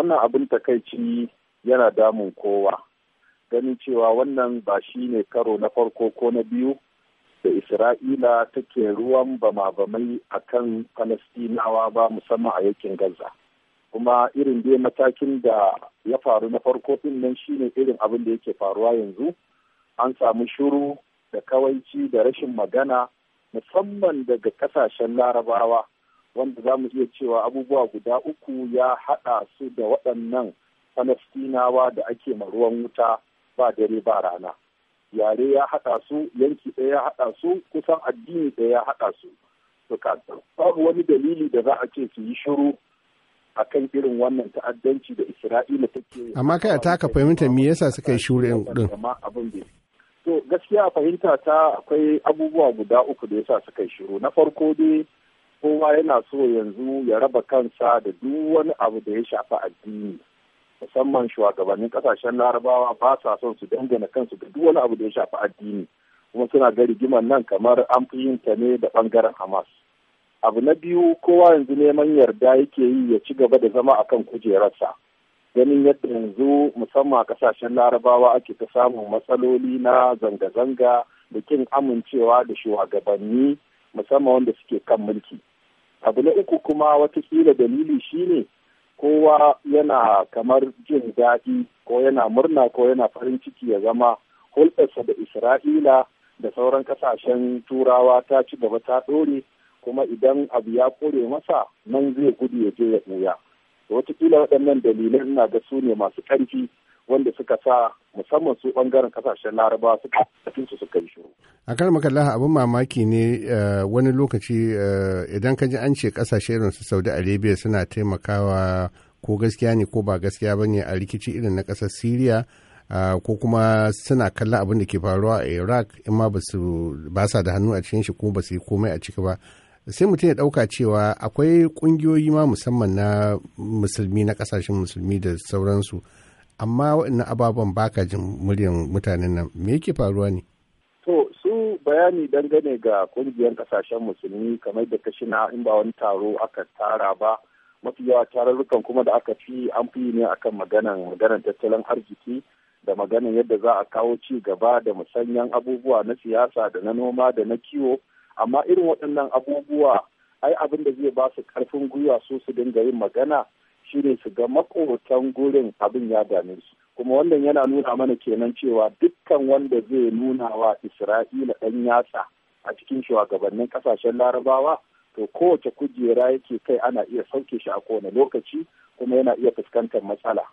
wannan abin takaici yana damun kowa ganin cewa wannan ba shi ne karo na farko ko na biyu da isra'ila take ruwan bama-bamai a kan falastinawa ba musamman a yakin gaza kuma irin dai matakin da ya faru na farko din nan shi ne irin abin da yake faruwa yanzu an samu shuru da kawaici da rashin magana musamman daga kasashen larabawa wanda za mu iya cewa abubuwa guda uku ya haɗa su da waɗannan falastinawa da ake maruwan wuta ba dare ba rana yare ya haɗa su yanki ɗaya ya haɗa su kusan addini ɗaya ya haɗa su babu wani dalili da za a ce su yi shiru a kan irin wannan ta'addanci da isra'ila take amma kai ta ka fahimta me yasa suka yi shiru din to gaskiya fahimta ta akwai abubuwa guda uku da yasa suka yi shiru na farko dai kowa yana so yanzu ya raba kansa da duk wani abu da ya shafi addini musamman shugabannin kasashen larabawa ba sa son su dangana kansu da duk wani abu da ya shafi addini kuma suna ga rigimar nan kamar an fi yin ta ne da bangaren hamas abu na biyu kowa yanzu neman yarda yake yi ya ci gaba da zama akan kujerarsa ganin yadda yanzu musamman a kasashen larabawa ake ta samun matsaloli na zanga-zanga da kin amincewa da shugabanni musamman wanda suke kan mulki abu na uku kuma watakila dalili shine kowa yana kamar jin daɗi ko yana murna ko yana farin ciki ya zama hulɗarsa da isra'ila da sauran kasashen turawa ta ci gaba ta ɗore kuma idan abu ya kore masa nan zai gudu ya je ya ɓuya watakila waɗannan dalilan na ga su ne masu ƙarfi wanda suka sa musamman su bangaren kasashen laraba suka su suka yi shiru. a kan makalla abin mamaki ne eh, wani lokaci eh, idan ka ji an ce kasashe irin su saudi arabia suna taimakawa ko gaskiya ne ko ba gaskiya ba ne a rikici irin na kasar syria eh, ko kuma suna kalla abin da ke faruwa a iraq in ma ba sa da hannu a cikin shi ko ba su yi komai a ciki ba sai mutum ya ɗauka cewa akwai ƙungiyoyi ma musamman na musulmi na kasashen musulmi da sauransu amma waɗannan ababen baka jin muryan mutanen nan me yake faruwa ne to su bayani dangane ga ƙungiyar kasashen musulmi kamar da ta shina in ba wani taro aka tara ba mafi yawa tararrukan kuma da aka fi an fi ne akan maganan maganan tattalin arziki da maganan yadda za a kawo ci gaba da musanyan abubuwa na siyasa da na noma da na kiwo amma irin waɗannan abubuwa ai abin da zai ba su ƙarfin gwiwa su su dinga yin magana shine su ga makotan gurin abin ya dame su kuma wannan yana nuna mana kenan cewa dukkan wanda zai nuna wa isra'ila ɗan yatsa a cikin shugabannin kasashen larabawa to kowace kujera yake kai ana iya sauke shi a kowane lokaci kuma yana iya fuskantar matsala